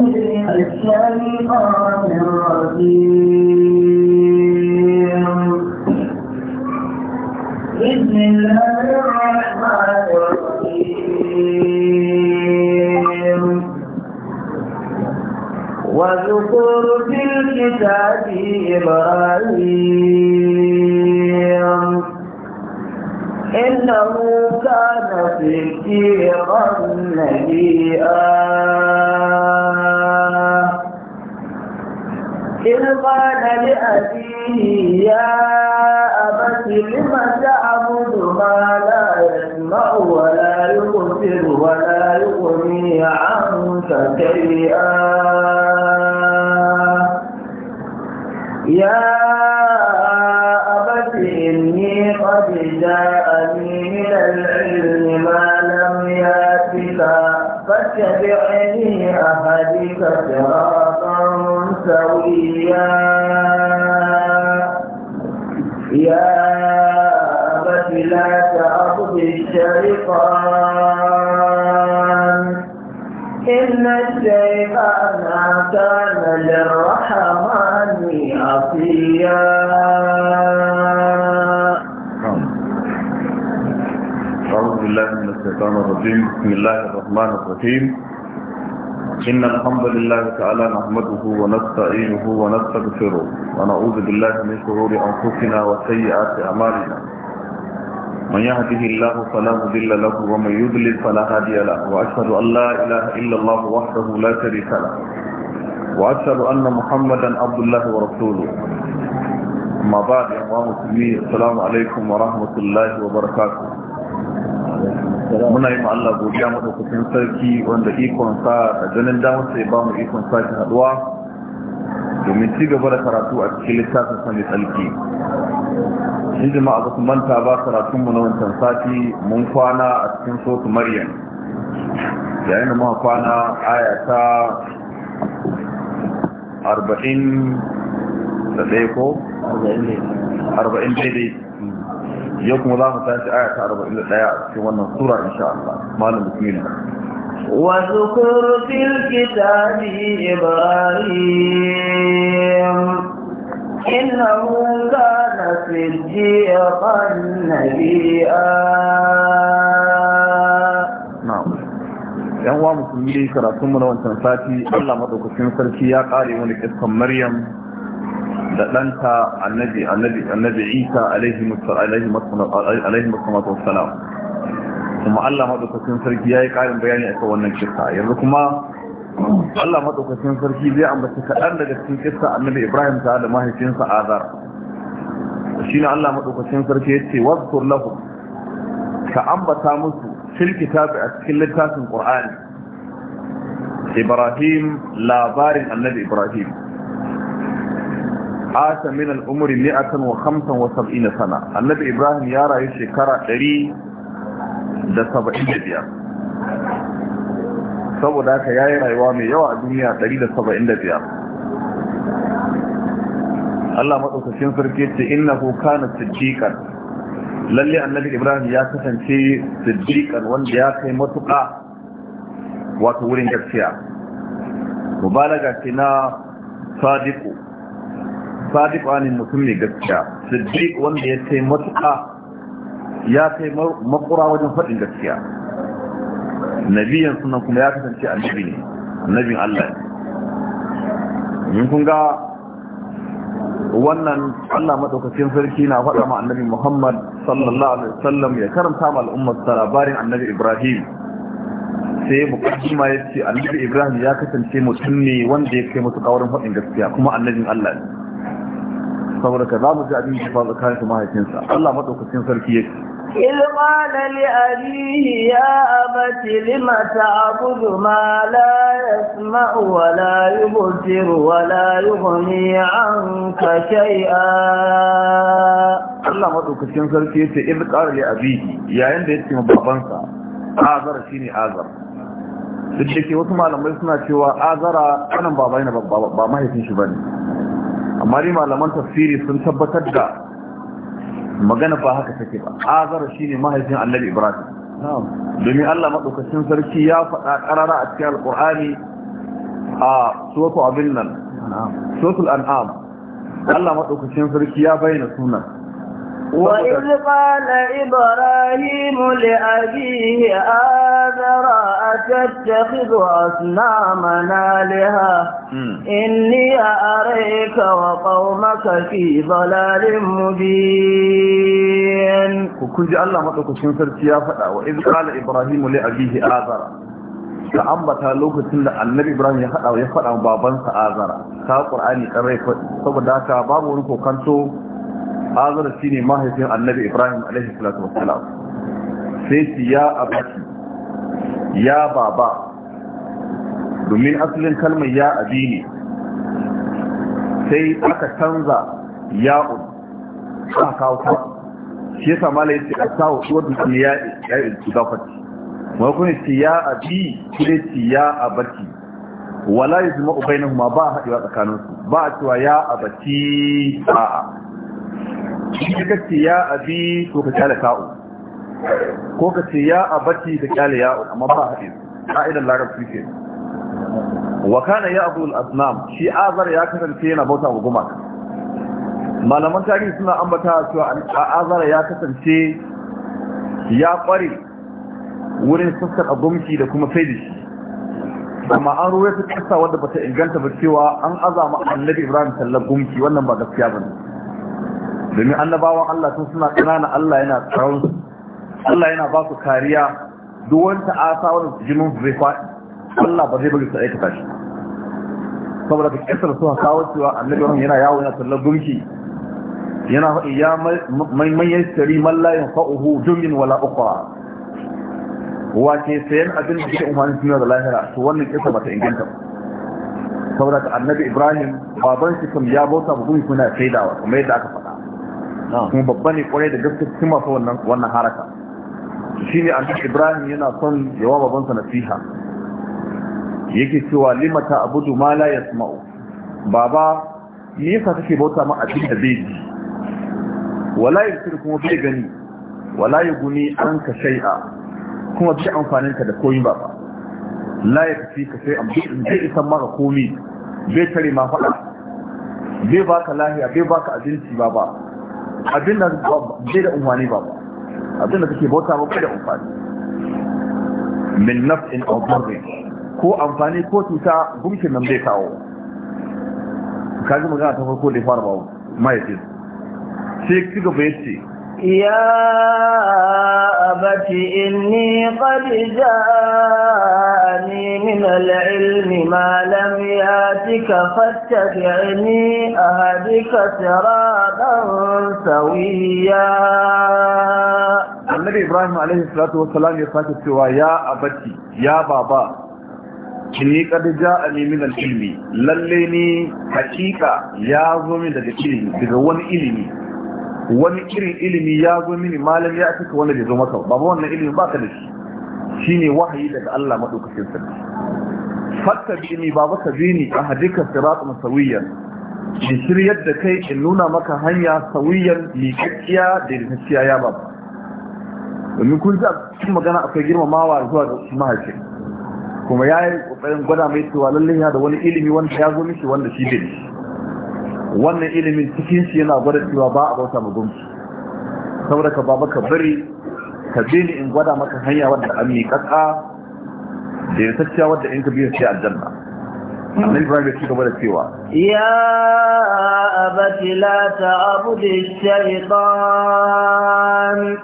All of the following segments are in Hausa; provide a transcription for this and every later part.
الشيطان الرجيم بسم الله الرحمن الرحيم واذكر في الكتاب إبراهيم إنه كان فكيرا نبيئا إذ قال لأبيه يا أبت لم تعبد ما لا يسمع ولا يبصر ولا يغني عنك شيئا يا أبت إني قد جاءني من العلم ما فاتبعني أهديك صراطا سويا يا أبت لا تعبد الشيطان إن الشيطان كان للرحمن عصيا نعم. أعوذ بالله من الشيطان الرجيم بسم الله الرحمن الرحيم الرحمن الرحيم إن الحمد لله تعالى نحمده ونستعينه ونستغفره ونعوذ بالله من شرور أنفسنا وسيئات أعمالنا من يهده الله فلا مضل له ومن يضلل فلا هادي له وأشهد أن لا إله إلا الله وحده لا شريك له وأشهد أن محمدا عبد الله ورسوله أما بعد يا مسلمين السلام عليكم ورحمة الله وبركاته muna yi Allah godiya madaukakin sarki wanda ikon sa a ganin damar sai ba mu ikon sa ki haduwa domin ci gaba da karatu a cikin littafin sa mai tsarki shi ba su manta ba karatunmu na wancan sati mun kwana a cikin sotu maryam yayin da muka kwana aya arba'in da ɗaya ko arba'in daidai yau kuma za mu tashi aya ta ɗaya a cikin wannan sura insha Allah malam bismillah واذكر في الكتاب إبراهيم إنه كان صديقا نبيئا yan uwa musulmi karatun mu na wancan sati Allah madaukakin sarki ya kare wani iskan Maryam da ɗanta annabi annabi isa alaihi masamatu wasalam kuma allah maɗaukacin sarki ya yi ƙarin bayani a wannan kisa yanzu kuma allah maɗaukacin sarki zai ambaci kaɗan daga cikin kisa annabi ibrahim ta da mahaifinsa azar shi ne allah maɗaukacin sarki ya ce wasu lahu ka ambata musu shirki tafi a cikin littafin ƙur'ani ibrahim labarin annabi ibrahim ata min al'umri mi'atan wa khamsan wa sab'ina sana annabi ibrahim ya rayu shekara ɗari da saba'in da biyar saboda haka ya yi rayuwa mai yawa a duniya ɗari da saba'in da biyar Allah maɗaukacin sarki ce inna ku kana siddiƙan lalle annabi ibrahim ya kasance siddiƙan wanda ya kai matuƙa wato wurin gaskiya mubalaga ce na sadiku sadiq wani mutum mai gaskiya siddiq wanda ya kai matuƙa ya kai makura wajen faɗin gaskiya nabiyan sunan kuma ya kasance annabi ne annabin Allah ne kun ga wannan Allah madaukakin sarki na faɗa ma annabi Muhammad sallallahu alaihi wasallam ya karanta ma al'ummar labarin annabi Ibrahim sai ya ce annabi Ibrahim ya kasance mutum ne wanda ya kai musu kawarin faɗin gaskiya kuma annabin Allah ne saboda ka za mu ji abin shi fa tsakanin su mahaifinsa Allah madaukakin sarki yake إذ قال لأبيه lima أبت لم تعبد ما لا يسمع ولا يبصر ولا يغني عنك شيئا Allah madaukakin sarki yace in qala li abihi yayin da yace babansa azara shine azar duk da ke wasu malamai suna cewa azara kanan baba ne ba mahaifin shi bane amma dai malaman tafsiri sun tabbatar da magana ba haka take ba azara shine mahaifin annabi ibrahim domin Allah madaukakin sarki ya faɗa ƙarara a cikin Alƙur'ani a suratul abin nan an'am Allah madaukakin sarki ya bayyana sunan وإذ قال إبراهيم لأبيه آذر أتتخذ أصنامنا لها إني أريك وقومك في ضلال مبين وكوجي الله مطلق شنفر سيافة وإذ قال إبراهيم لأبيه آذر ka ambata lokacin da annabi ibrahim ya faɗa ya faɗa babansa azara ta ƙur'ani ƙarrai saboda haka babu wani kokanto shi ne mahaifin annabi ibrahim alaihi sai ci ya abaki ya baba domin asalin kalmar ya abi ne sai aka canza ya'un aka kawo ta shi yasa mala yace a sawo wadda ne ya ya idafati ma kuma ce ya abi kuma ce ya abati wala yajma'u bainahuma ba haɗewa tsakaninsu ba a cewa ya abati a'a in ka ce ya abi ko ka kyale ta'u ko ka ce ya abati da kyale ya'u amma ba haɗe ka'idar larabci ce wa kana ya abu al-asnam shi azar ya kasance yana bauta wa gumaka malaman tarihi suna ambata cewa azar ya kasance ya kware wurin sassaka gumki da kuma sai da shi amma an ruwa ta kasa wadda bata inganta ba cewa an azama annabi ibrahim sallar gumki wannan ba gaskiya bane domin annabawan Allah sun suna ƙanana Allah yana tsaron Allah yana ba su kariya duk wani ta'asa wani jinin zai faɗi Allah ba zai bari su aikata shi saboda ka kisar su kawo cewa annabi wani yana yawon yana tallar gunki yana faɗi ya manyan shari mallayin fa'uhu jumin wala Wa ke sayan abin da ke umarnin suna da lahira to wannan kisa mata inganta saboda ka annabi ibrahim baban shi kam ya bauta ba kuna saidawa kuma yadda aka faɗa kuma babba ne kwarai da gaske cikin masu wannan wannan haraka an annabi Ibrahim yana son yawa babansa nasiha yake cewa limata abudu ma la yasma'u baba me yasa kake bauta ma abin da zai ji wala yusir kuma bai gani wala an ka shay'a kuma bi amfanin ka da koyi baba la yakfi ka sai an bi isan maka komi bai tare ma fada bai baka lahiya bai baka abinci baba abin da bai da umfani ba abin da kake bauta ba kai da umfani min naf'in aw ko amfani ko cuta gumkin nan bai kawo kaji magana ta farko da fara bawo mai sai kiga bai ce يا أبت إني قد جاءني من العلم ما لم ياتك فاتبعني أهدك سرادا سويا النبي إبراهيم عليه الصلاة والسلام يقول سوى يا أبت يا بابا إني قد جاءني من العلم لليني حقيقة يا زومي دقيقي بغوان إلمي wani irin ilimi ya zo mini malam ya aka wani da zo maka ba wannan ilimi ba ka da shi shine wahayi daga Allah madaukakin sarki fatta bini ba baka bini a hadika sirat sauyiyar. in shiryar da kai in nuna maka hanya sauyiyar, miƙaƙƙiya da rikakkiya ya ba domin kun ji a cikin magana akwai girmamawa zuwa ga mahaifin kuma ya yi ƙoƙarin gwada mai cewa lallai da wani ilimi wanda ya zo mishi wanda shi bai wannan ilimin cikin shi yana gwada cewa ba a bauta mugunci saboda ka ba maka bari ka bi ni in gwada maka hanya wadda an miƙaƙa da ya wadda in ka biyu sai aljanna يا أبت لا تعبد الشيطان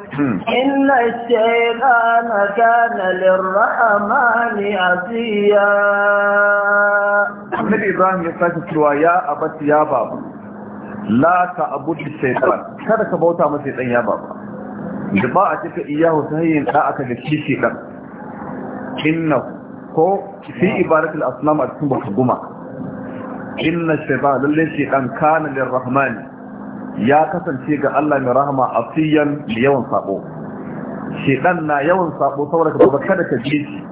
إن الشيطان كان للرحمن عصيا محمد إبراهيم يقول لك يا أبت يا بابا لا تعبد الشيطان كذا كبوتا مسيطا يا بابا جباعتك إياه سهين لا أكل الشيطان إنه ko fi ibadatul aslam a cikin bautar inna shaitan lalle shaitan kana Rahman ya kasance ga Allah mai rahama asiyan da yawan sabo shaitan na yawan sabo saboda ka baka kada ka ji shi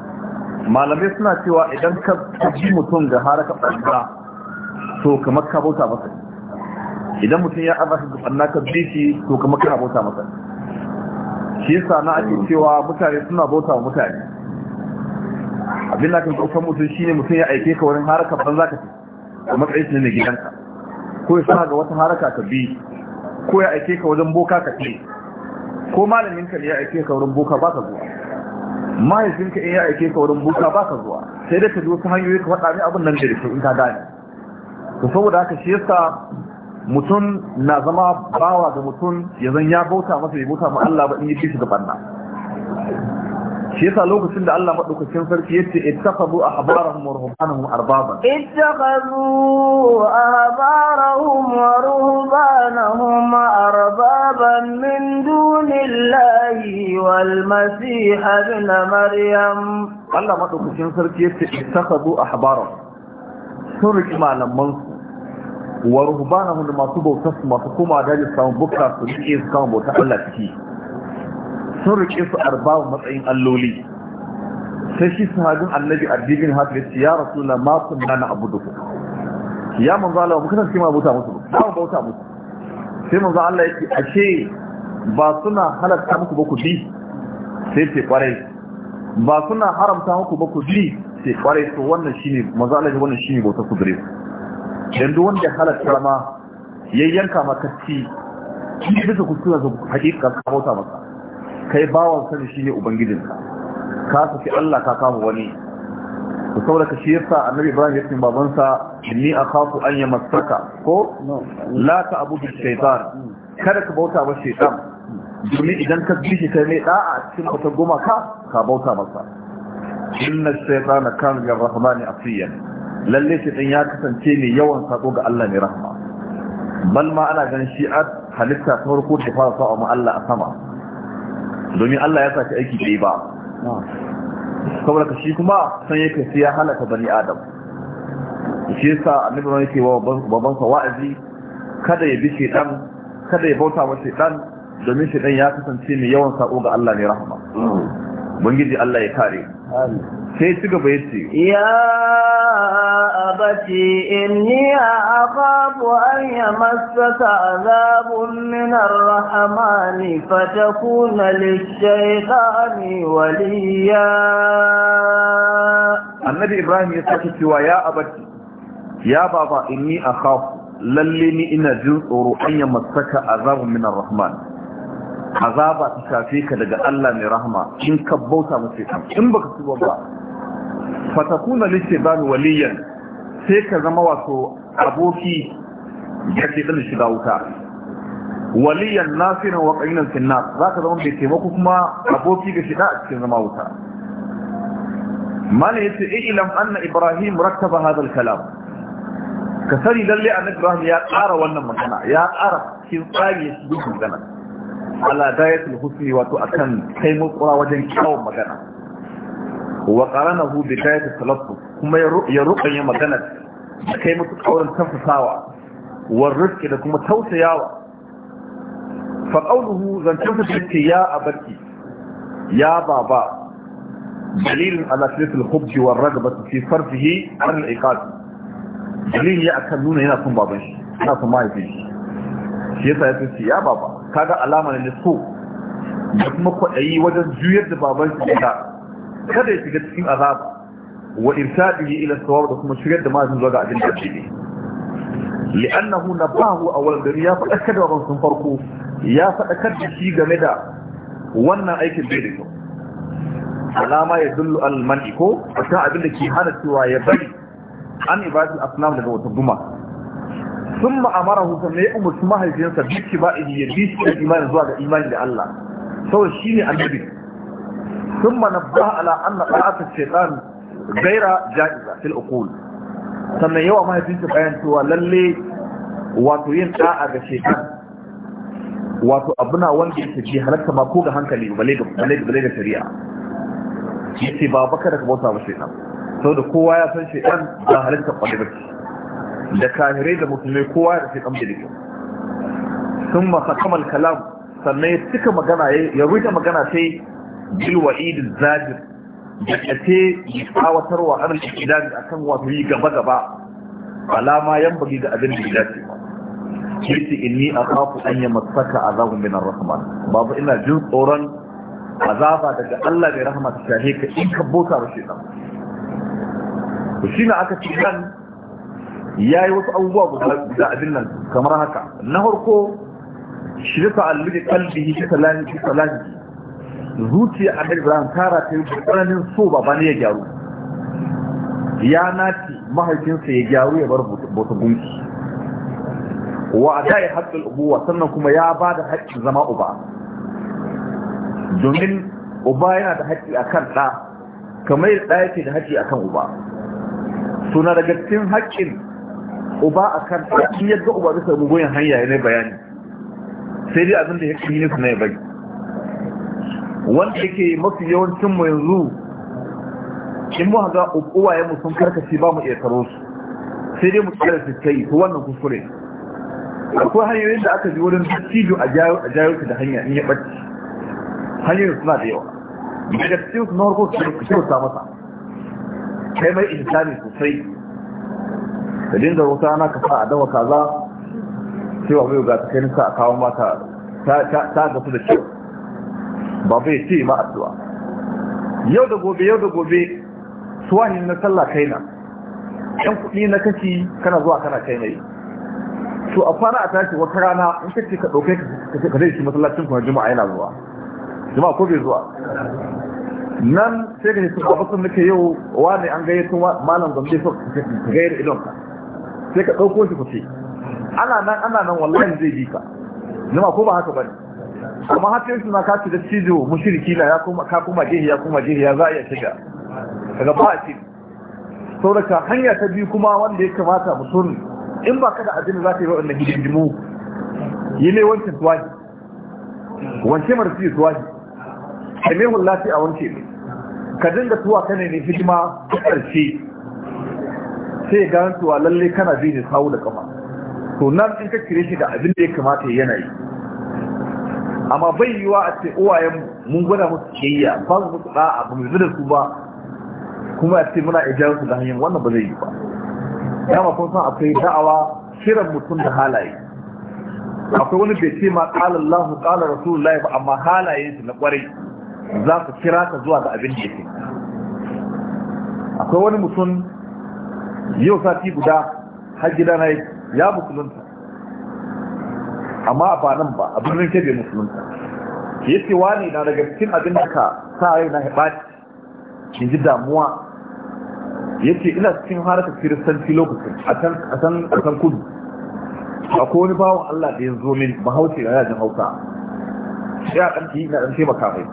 malamai suna cewa idan ka ji mutum ga har ka to kamar ka bauta masa idan mutum ya aza shi da ka ji shi to kamar ka bauta masa shi yasa na ake cewa mutane suna bauta wa mutane abin da kan kusan mutum shine mutum ya aike ka wurin haraka ban zaka ci a matsayin ne mai gidanka ko ya sa ga wata haraka ka bi ko ya aike ka wajen boka ka ci ko malamin ka ne ya aike ka wurin boka ba ka zuwa mahaifin ka in ya aike ka wurin boka ba ka zuwa sai da ka ji wasu hanyoyi ka faɗa ne abin nan da rikin in ka gane to saboda haka shi yasa mutum na zama bawa ga mutum ya zan ya bauta masa ya bauta ma Allah ba in yi shi da banna shi yasa lokacin da Allah madaukakin sarki yace ittakhadhu ahbarahum wa ruhbanahum arbaba ittakhadhu ahbarahum wa ruhbanahum arbaban min dunillahi wal masih ibn maryam Allah madaukakin sarki yace ittakhadhu ahbarahum sun malaman wa ruhbanahum masu bautar masu koma daji samun bukka su rike su kama bautar Allah ciki sun rike su arba'a matsayin alloli sai shi sahabin annabi addinin hafi ya rasu ya rasula ma kunna na abu duku ya manzo Allah mu kasance ma bauta musu ba mu bauta musu sai manzo Allah yake ashe ba suna halatta muku ba ku bi sai ce kwarai ba suna haramta muku ba ku bi sai kwarai to wannan shine manzo Allah wannan shine bauta ku gare ku dan duk wanda halatta ma yayyanka maka ci bisa kuskura ga hakika ka bauta maka kai bawan sani shine ubangijinka ka saki Allah ka kama wani to saboda ka shi yasa annabi Ibrahim ya ce babansa a akhafu an masaka. ko la ta'budu shaytan kada ka bauta ba shaytan domin idan ka bi shi kai ne, da'a a cikin wata goma ka ka bauta masa inna shaytana kana lir a asiyan lalle shaytan ya kasance ne yawan sako ga Allah ne rahama bal ma ana ganin shi halitta ta farko da fara sa'a wa Allah a sama domin Allah ya sace aiki yi ba saboda shi kuma san yake sai ya halaka bani adam shi yasa annabi ne yake wa babban sa wa'azi kada ya bi shedan kada ya bauta wa shedan domin shedan ya kasance mai yawan sako ga Allah ne rahama ubangiji Allah ya kare sai ci gaba ya ce ya abati inni akhafu an a azabun minan ar Fata kuna lish-shaytani waliya annabi ibrahim ya saki cewa ya abati ya baba inni akhafu lalle ni ina jin tsoro an masaka a min ar-rahmani azaba ta shafe ka daga Allah mai rahama in ka bauta masa kan in baka tuba ba fatakuna lishaitani waliyan sai ka zama wato aboki ya ce dan shiga wuta waliyan nasiran wa qainan finnas zaka zama bai taimako kuma aboki ga shiga a cikin zama wuta mana yace ilam anna ibrahim rakkaba hadha al-kalam ka sani lalle annabi ibrahim ya tsara wannan magana ya tsara cikin tsari ya shi magana ala dayatul husni wato akan kai mutsura wajen kyawun magana wa qaranahu bi dayatul talaffuz kuma ya rubanya magana da kai mutu kaurin tafasawa wa rizqi da kuma tausayawa fa qawluhu zan tafsirce ya abati ya baba dalilin ala tilfil hubbi war ragbati fi fardihi an al-iqad dalil ya akan nuna yana son baban shi yana son mahaifin shi shi yasa ya ce ya baba kaga alama ne so da kuma kwaɗayi wajen juyar da baban shi da kada ya shiga cikin azaba wa irshadihi ila sawab da kuma shigar da mazin zuwa ga abin da shi na li'annahu nabahu awwal gari ya faɗa kada baban sun farko ya faɗa kada shi game da wannan aikin bai da kyau alama ya dullu al-man'i ko abin da ke hana cewa ya bari an ibadul asnam daga wata guma sun ma'amara hukun ne umarci mahaifinsa biki ba in yi biki da imani zuwa ga imani da Allah sau shi ne annabi sun ma nabba ala an na ɗa'ata shaitan gaira ja'iza fil ukul sannan yawa mahaifinsa bayan cewa lalle wato yin ɗa'a ga shaitan wato abuna wanda yake ji halatta ma ko ga hankali bale ga bale ga shari'a yace ba baka da ka bauta ba shaitan saboda kowa ya san shaitan ba halatta kwalle ba da kahirai da musulmai kowa ya rufe kamar da sun masa kamar kalam sannan ya cika magana ya rufe magana sai bilwa'i da zajir da ƙace ya wa anan idan a kan wato yi gaba-gaba alama yan bagi da abin da ya dace yace inni akhafu an yamassaka azabun min ar-rahman babu ina jin tsoron azaba daga Allah bai rahama ta shahe ka in ka bota ba shi dan to aka ce dan ya yi wasu abubuwa guda abin nan kamar haka na harko shi da ta'allu da kalbihi shi salahi shi salahi zuciya a daga ibrahim tara ta yi tsananin so ba ne ya gyaru ya naci mahaifinsa ya gyaru ya bar bota gunki wa a da ya haƙƙin ubuwa sannan kuma ya ba da haƙƙin zama uba domin uba yana da haƙƙi a kan ɗa kamar yadda ɗa yake da haƙƙi a kan uba suna daga cikin haƙƙin uba akan shi yadda uba bisa gugoyin hanya ne bayani sai dai abin da ya kai ne na bai wanda yake mafi yawancin mu yanzu in mu haga uba ya sun karkashi ba mu iya taro su sai dai mu tsara su kai ko wannan kuskure akwai hanyoyin da aka ji wurin cijo a jayo da hanya in ya bacci hanyoyin suna da yawa daga cikin su na harkar su ta masa kai mai ihsani sosai da dinga wuta ana kafa a dawa kaza cewa bai ga ta kai sa a kawo mata ta gasu da kyau ba bai ce ma addu'a yau da gobe yau da gobe ne na sallah kai na yan kuɗi na kashi kana zuwa kana kai mai to a fara a tashi wata rana in kace ka ɗauke ka zai shi masallacin kuma juma'a yana zuwa juma'a ko bai zuwa nan sai da su abasun nake yau wani an gayyato malam zambe so ka gayar idon ka sai ka ɗauko shi ku ce ana nan ana nan wallahi zai bi ka zama ko ba haka bane amma har sai suna kaci da cizo mushriki na ya kuma ka kuma gehi ya kuma gehi za a iya shiga daga ba a cikin sauraka hanya ta biyu kuma wanda ya kamata mu sun in ba ka da addini za ka yi waɗannan hidindimu yi ne wancan tuwaji wance mara fiye tuwaji a ne hullafi a wance ne ka dinga tuwa ka ne hidima ta ƙarshe sai gane cewa lalle kana bi ne sawu da kafa to nan in ka kire shi da abin da ya kamata yana yi amma bai wa a ce uwayen mun gwada musu kiyayya ba mu musu da'a ba mu bi da su ba kuma a ce muna ijar su da hanyar wannan ba zai yi ba ma kun san akwai da'awa kiran mutum da halaye akwai wani bai ce ma qala Allahu qala Rasulullahi ba amma halaye su na kwarai za su kira ka zuwa ga abin da ya ce akwai wani mutum yau sati guda har gida na ya musulunta amma ba nan ba a birnin kebe musulunta ya ce ne na daga cikin abin da ka sa yau na haɓaci in ji damuwa ya ce ina cikin haraka kiristanci lokacin a can kudu a wani bawon allah da ya zo min mahauci a yajin hausa sai a ɗanki na ɗan taimaka mai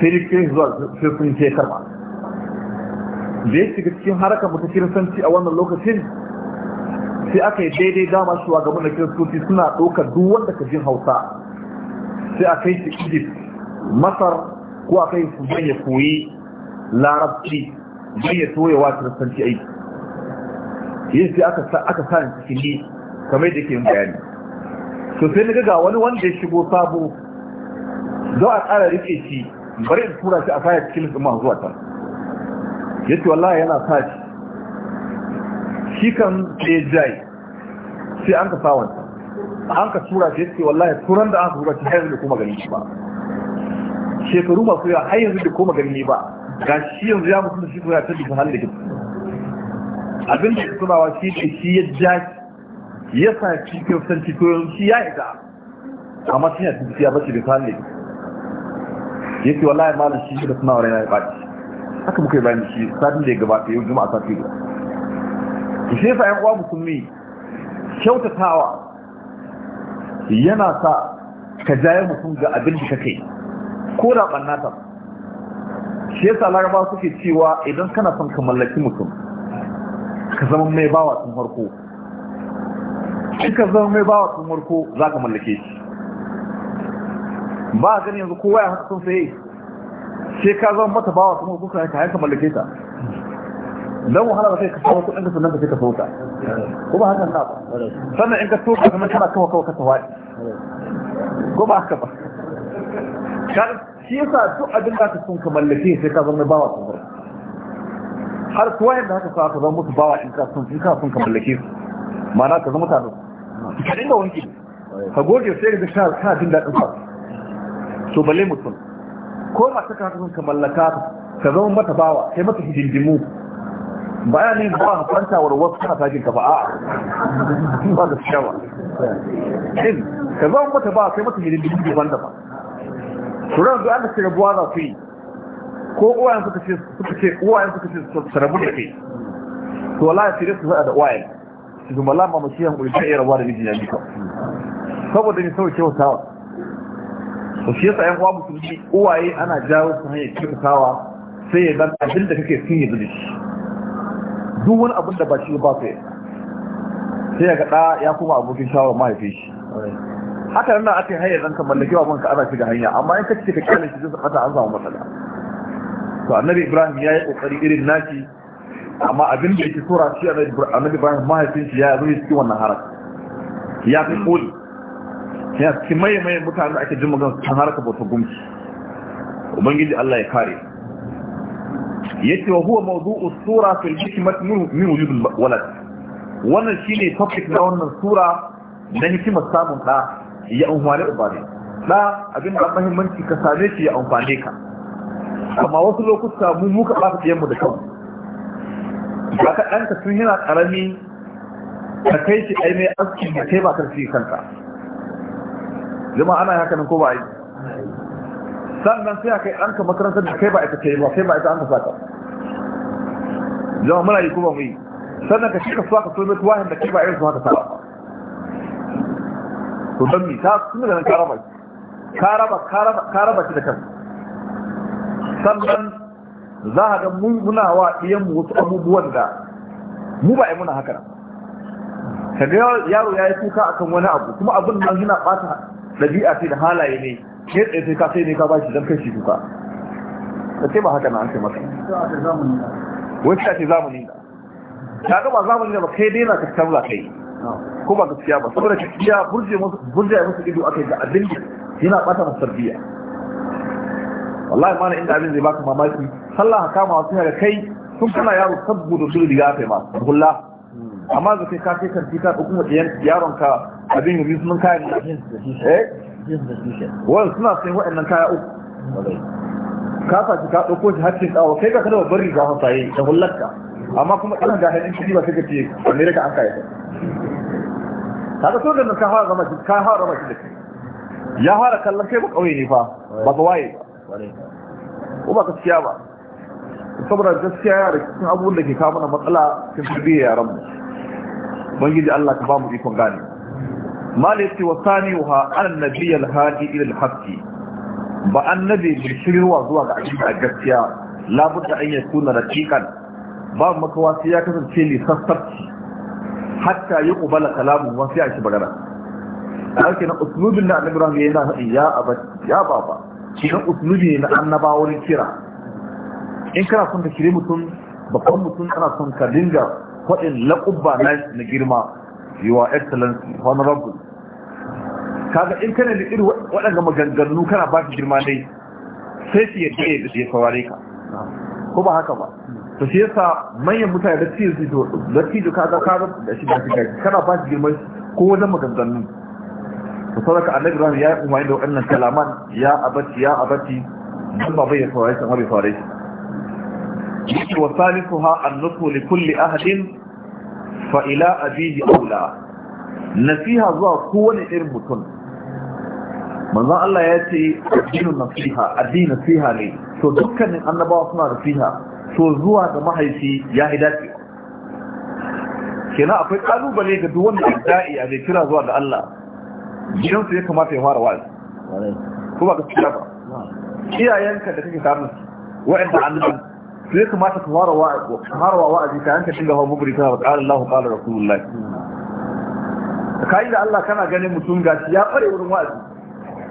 sai kiristanci zuwa sai sun ke karɓa da ya shiga cikin haraka mutu kiristanci a wannan lokacin sai aka yi daidai dama shi wa ga kiristoci suna ɗaukar duk wanda ka jin hausa sai a kai shi egypt masar ko a kai su zai ya koyi larabci zai ya soya wa kiristanci aiki yin sai aka sa ni cikin ni kamar da ke yin bayani to sai na ga wani wanda ya shigo sabo don a ƙara rike shi bari in tura shi a kayan cikin ma zuwa ta yace wallahi yana sa shi shi kan ke jai sai an ka sa an ka tura shi yace wallahi turan da an tura shi har yanzu kuma gani ba shekaru masu yawa har yanzu da koma gani ba ga shi yanzu ya mutu da shi kuma ya tabi ta halin da abin da tunawa shi ne shi ya ja ya sa shi kyautar shi koyon shi ya isa amma shi ya tafi ya bace da halin da yake wallahi malam shi da tunawa na ya bace haka muka yi bayan shi sadin da ya gabata yau juma'a sati guda ki shi yasa 'yan uwa musulmi kyautatawa yana sa ka jaye mutum ga abin da kake ko da ɓannata shi yasa laraba suke cewa idan kana son ka mallaki mutum ka zama mai bawa tun harko shi ka zama mai bawa tun harko za ka mallake shi ba a gani yanzu kowa ya haka sun sai sai ka zama mata bawa kuma kuka ka yanka mallake ta dan wahala ba sai ka samu kudin ka sannan ka sai ka sauka kuma haka na ba sannan in ka sauka kuma kana kawa kawa ka tawadi ko ba haka ba kan shi yasa duk abin da ka sun ka mallake sai ka zama bawa kuma har kuwa yadda haka sa ka zama musu bawa in ka sun ka sun ka mallake su ma'ana ka zama tare ka dinga wanki ka goge sai ka ga sha jin daɗin sa to balle mutum ko ba ta kasa ka mallaka ka zama mata bawa sai mata hidindimu baya ne ba a kwanta wa wasu kana tajin ka ba a ba da shawa in ka zama mata bawa sai mata hidindimu daban daban turan da an ce rabuwa za su yi ko uwayen suka ce suka ce uwayen suka ce su rabu da kai to wallahi sai su da uwayen su mallama mu shi hankali ta iya rabuwa da mijin yanzu saboda ne sauke wa tawa to shi yasa ƴan uwa musulmi uwaye ana jawo su hanyar kyautatawa sai ya zan abin da kake sun yi da shi duk wani abin da ba shi ba sai sai ya gaɗa ya kuma abokin shawar mahaifi shi haka nan aka yi hanyar zan ka mallaki wa manka ana shiga hanya amma in ka ce ka kyale shi zai sakata an samu matsala to annabi ibrahim ya yi kokari irin naki, amma abin da yake tura shi annabi ibrahim mahaifin shi ya zo cikin wannan haraka ya fi koli yana cikin maye-maye mutane ake jin magana ta harka bauta gumki ubangiji Allah ya kare Ya ce wa huwa mawdu'u sura fil hikmat min wujud walad wannan shine topic na wannan sura na hikimar samun da ya amfane ubare da abin da muhimmanci ka same shi ya amfane ka amma wasu lokuta mu muka ba ta mu da kanmu ba ka danka tun yana karami ka kai shi ai mai aski ka kai ba karfi kanka zama ana haka nan ko ba yi sannan sai aka yi an ka makarantar da kai ba ita ce ba sai ba ita an ka saka zama muna yi kuma mu yi sannan ka shi ka suwa ka so mai wahin da kai ba irin su haka sa to don mi ta sun da ka raba ka raba ka raba shi da kan sannan za a ga muna wa ɗiyan mu wasu abubuwan da mu ba a yi muna haka nan kaga yaro ya yi kuka akan wani abu kuma abin nan yana ɓata ɗabi'a ce da halaye ne Ke tsaye sai ka sai ne ka ba shi don kai shi duka da ce ba haka na an ce maka wacce ta ce zamani da ta ga ba zamani da ba kai dai na ka tabla kai ko ba gaskiya ba saboda gaskiya burje musu burje musu ido akai da abin yana bata masa tarbiya wallahi mana inda abin zai baka mamaki sallah kama wasu da kai sun kana yaro saboda su riga kai ma kullu amma zai ka kai kan tita ko kuma yaron ka abin yi sun da eh wani suna sayin waɗannan kaya uku ka sa ka ɗauko shi har cin kawo kai ka kada babbar riga hausa da hullarka amma kuma ɗan ga hannun shi ba sai ka ce amerika an kaya kaga so da ka fara zama ka fara zama shi ya fara kallon kai ba kauye ne fa ba ka waye ko ba gaskiya ba saboda gaskiya ya da cikin abubuwan da ke kawo mana matsala cikin tarbiyyar yaran mu ubangiji Allah ka ba mu ikon gane malaiti wa saniha an nabiy al-hadi ila al-haqq ba annabi bishirwa zuwa ga ajin gaskiya labudda an yakuna raqiqan ba makawa sai ya kasance ne sassarci hatta ya kubala kalamu ba sai a shi magana alke na uslubin da annabi rahmi yana faɗi ya aba ya baba shi na uslubi na annabawa kira in kana son ka kire mutum babban mutum kana son ka dinga faɗin laƙubba na girma your excellency honorable kaga in kana da irin waɗanda maganganu kana ba shi girma dai sai su yadda da shi saurare ka ko ba haka ba to shi yasa manyan mutane da su yi to da shi yi kaga kaga da shi da shi kana ba shi girma ko wajen maganganu to sadaka annabi ran ya yi da wannan kalaman ya abati ya abati dan ba bai saurare shi ba bai saurare shi wa salifuha an-nusu li kulli ahadin Fa'ila a abihi aula nasiha zuwa kowane irin mutum Manzan Allah ya ce addinin nasiha addinin nasiha ne So dukkanin annabawa suna nasiha So zuwa da mahaifi ya dace kenan akwai kalubale ga duk wanda da'i a zai kira zuwa da Allah gidansu ya kamata ya fara wa'azi ko ba gaskiya ba iyayenka da kake samu wa'anda annabawa Sai ya kamata ka fara wa'azi ka yanka shiga hawa mubri ta qala Allahu qala Rasulullahi kai da Allah kana ganin mutum gashi ya fare wurin wa'azi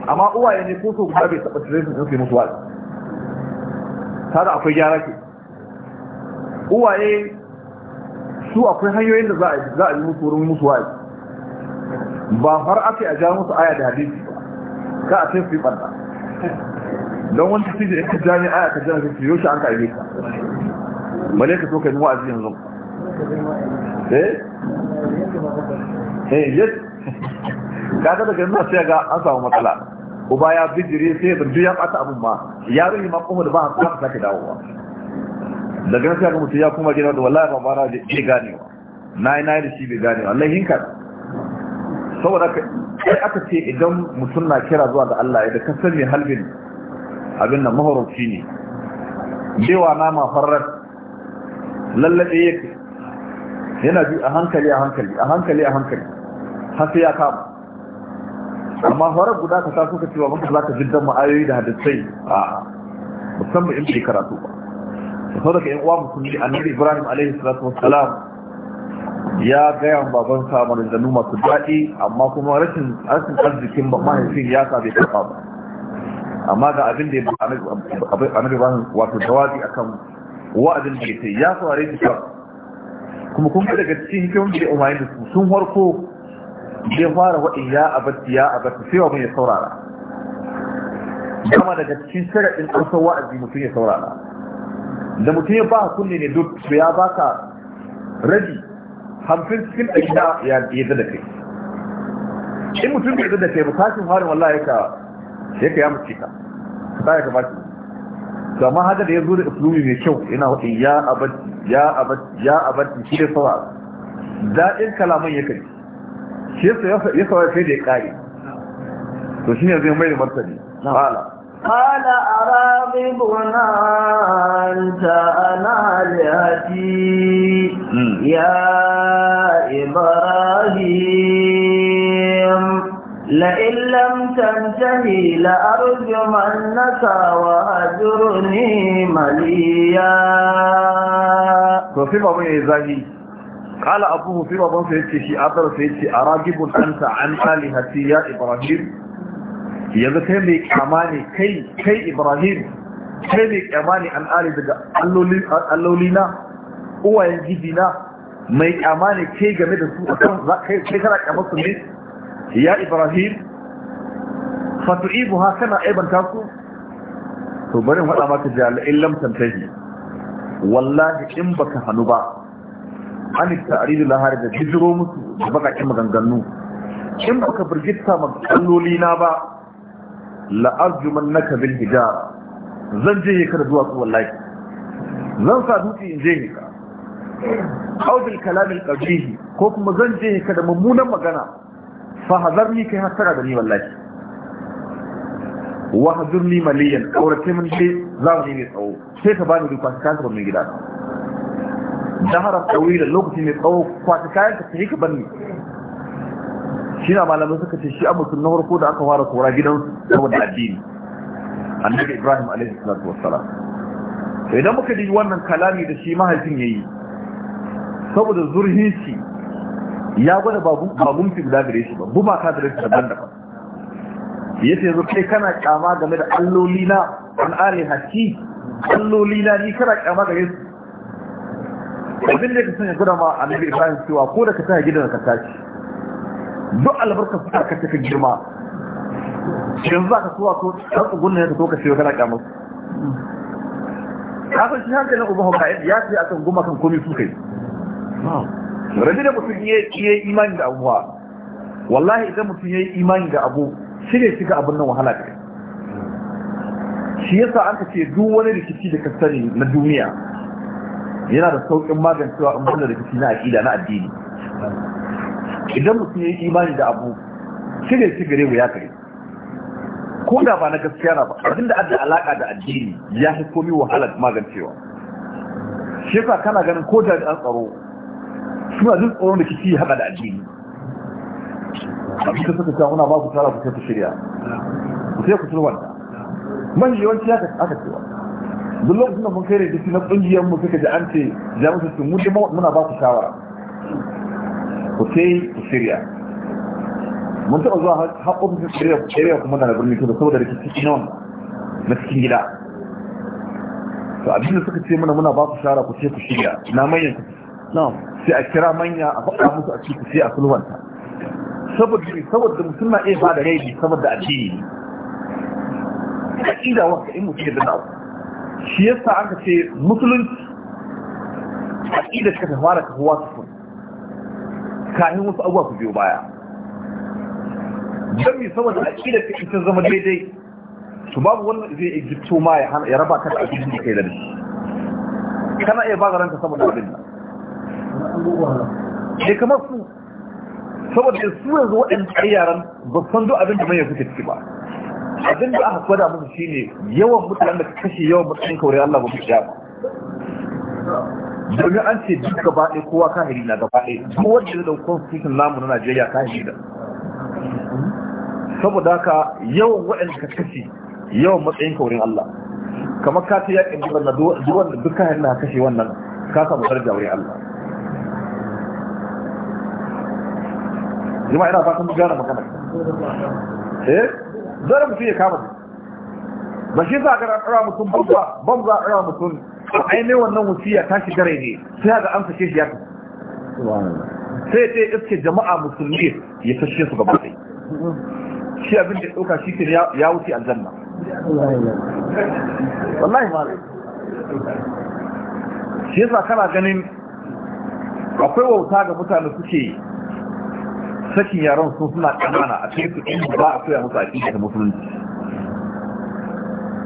amma uwaye ne ko so guda bai taba tare su sai musu wa'azi kada akwai gyara ke uwaye su akwai hanyoyin da za a yi musu wurin musu wa'azi ba har ake a ja musu aya da hadisi ba ka a tafi banda don wani tafi da ita jami'a a kajana su fiye shi an ka aike ka bale ka soka ka yi wa'azi yanzu eh eh yes ka ga daga nan sai ga an samu matsala uba ya bijire sai da ya bata abun ma ya ruhi ma kuma da ba a ka sake dawowa daga nan sai ga mutum ya kuma gina da wallahi ba bara da ganewa na yi na yi da shi bai ganewa lahin ka saboda kai aka ce idan mutum na kira zuwa ga Allah ya da kasar mai halbin abin da mahorofi ne cewa nama farar lallabe yake yana bi a hankali a hankali a hankali a hankali har ya kama amma farar guda ka taso ka cewa maka za ka jiddan ma'ayoyi da hadisai a musamman in bai karatu ba sau daga yan uwa musulmi annabi ibrahim alaihi salatu wassalam ya gaya babansa manzannu masu daɗi amma kuma rashin arzikin mahaifin ya sa bai karɓa ba amma ga abin da ya annabi ba wato jawabi akan wa'azin da yake ya saurari shi ba kuma kun daga cikin hikimar da umarni da su sun harko ya fara wa'in ya abatti ya abatti sai wa mai saurara dama daga cikin sharaɗin ɗansar wa'azi mutum ya saurara da mutum ya ba kunne ne duk su ya baka rabi hamsin cikin ɗari ya yadda da kai in mutum bai yadda da kai ba kashin harin wallahi ka sai ka ya mace ka sai ka baki to amma da ya zo da usulubi mai kyau yana wata ya abadi ya abadi ya abadi shi da sawa daɗin kalaman ya kai shi ya sawa sai da ya ƙari to shi ne zai mai da martani na hala قال أراغبنا أنت أنا لأتي يا إبراهيم لئن لم تنتهي لأرجمنك وهجرني مليا وفي بابن إذاهي قال أبوه في بابن سيدتي شيء أدر سيدتي أراجب أنت عن آلهتي يا إبراهيم يذكرني كماني كي كي إبراهيم كي كماني عن آلهة اللولينا هو ينجدنا mai kyama ne ke game da su a kan kai kana kyamar su ne ya ibrahim fatu'ibuha kana aibanta ku to bari faɗa maka jami'in lamtan tahi wallahi in baka hannu ba an ta'aridu lahar da bijiro musu da bakakin maganganu in baka birgita magalloli na ba la'arjuman naka bil hijar zan je zuwa zan sa dutse in je ka audil kalamin qabihi ko kuma zan je ka da mummunan magana fa kai hasara da ni wallahi wa hazurni maliyan aurace mun dai yi mai tsawo sai ka bani duk wasu kansa mai gida tsawo da lokaci mai tsawo kwata kayan ka sai ka bani shi na malamin suka ce shi a sun na farko da aka fara kora gidan saboda addini annabi ibrahim alaihi salatu wassalam idan muka ji wannan kalami da shi mahaifin yayi saboda zurhin shi ya gwada ba gumfi guda gare shi ba gumaka da shi daban daban ya ce zo kai kana kyama game da alloli na an are haki alloli na ni kana kyama gare su abin da ka sanya guda ma a nabi ibrahim cewa ko da ka tana gidan ka tashi duk albarka su ka ta girma yanzu za ka kowa ko ɗan tsugunan ka so ka ce kana kyama kafin shi hankali na uba hauka ya ce akan kan kan komi su kai rabi da mutum ya yi imani da abuwa wallahi idan mutum ya yi imani da abu shi ne shiga abin nan wahala da shi yasa an ce duk wani rikici da ka sani na duniya yana da sauƙin magancewa in banda rikici na aƙida na addini idan mutum ya yi imani da abu shi ne shiga rewa ya kare ko da ba na gaskiya na ba abin da adda alaƙa da addini ya fi komi wahala magancewa shi yasa kana ganin ko da an tsaro suna jin tsoron da kiki haɗa da addini abin da suka samu na ba ku tara ku sai shirya ku sai ku turwanta man yawanci aka aka cewa duk lokacin da mun kai rikici na kungiyar mu suka ji an ce jami'in sun mutu muna ba ku shawara ku sai ku shirya mun taɓa zuwa haƙofin shirya kuma na birnin kuma saboda rikici na wannan na cikin gida to abin da suka ce mana muna ba ku shara ku ce ku shirya na manyan ku sai a kira manya a faɗa musu a ciki sai a sulwanta saboda mutum na iya ba da rai saboda addini aƙida wanda in mutum da nawa shi yasa aka ce musulunci a aƙida ka fara ka huwa su kafin wasu abubuwa su biyo baya don mai saboda a aƙida ka ita zama daidai to babu wannan zai egipto ma ya raba ka da aƙida da kai da shi kana iya ba da ranka saboda abin nan ne kamar su saboda su yanzu waɗanda a yaran ba san zo abinda mai yanzu ke ciki ba Abinda aka kwada musu shine yawan mutane da kashe yawan mutane kawai Allah ba mu ya ba domin an ce duk gaba ɗaya kowa kahiri na gaba ɗaya duk wanda ya dauki constitution namu na Najeriya kahiri da saboda haka yawan waɗanda ka kashe yawan matsayin kaurin Allah kamar ka ta yaƙin duk wanda duk kahiri na kashe wannan ka samu daraja wurin Allah jama'a ina fatan gane magana eh zara mutum ya kama ba shi za a gara tsara mutum babba ban za a tsara mutum ainihin wannan wasiya ta shi gare ne sai ga an fashe shi ya tafi sai ce iske jama'a musulmi ya fashe su gaba sai shi abin da ɗauka shi ke ya wuce aljanna wallahi ma shi yasa kana ganin akwai wauta ga mutane suke yi sakin yaran sun suna kanana a cikin su in ba a koya musu aƙida ta musulunci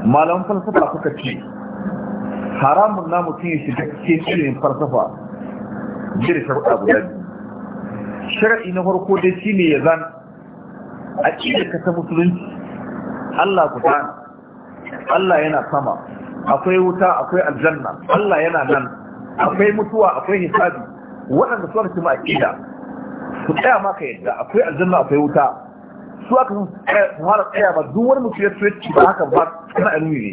malaman falsafa suka ce haramun na mutum ya shiga cikin shirin falsafa jira sharuɗa guda biyu shari'i na farko dai shine ya zan aƙida ka ta musulunci Allah guda Allah yana sama akwai wuta akwai aljanna Allah yana nan akwai mutuwa akwai hisabi waɗanda suka ci ma aƙida su tsaya maka yadda akwai aljanna akwai wuta su aka sun fara tsaya ba duk wani mutum ya tsoci ba haka ba suna a nuni ne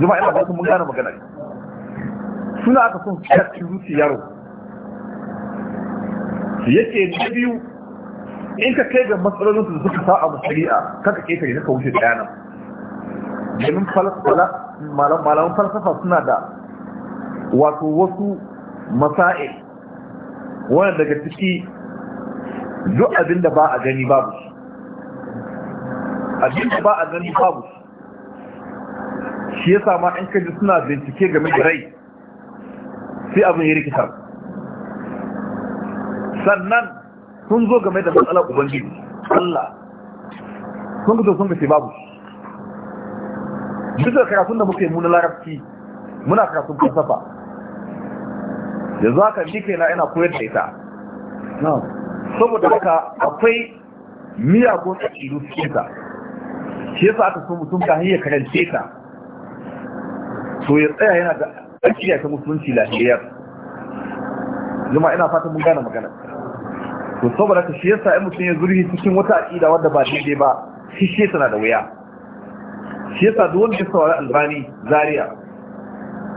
zuma ina ba mun gane magana suna aka sun tsaya cikin zuci yaro yake na biyu in ka kai ga matsalolin su suka sa a musari'a kaka keta ne kaka wuce tsaya nan domin malaman falsafa suna da wato wasu masa'il wannan daga ciki duk abin da ba a gani babu abin da ba a gani babu shi ya sama in kaji suna bincike game da rai sai abin ya rikita sannan sun zo game da matsalar ubangiji Allah sun ga sun ga babu duk da karatun da muka yi muna larabci muna karatun falsafa yanzu haka ni kaina ina koyar da ita saboda haka akwai miyagun aƙidu su ta shi yasa aka so mutum ka hanyar karance ta to ya tsaya yana da aƙida ta musulunci lafiyar zama ina fatan mun gane magana to saboda haka shi yasa in mutum ya zurfi cikin wata aƙida wadda ba daidai ba shi shi tana da wuya shi yasa duk wanda ya saurari albani zaria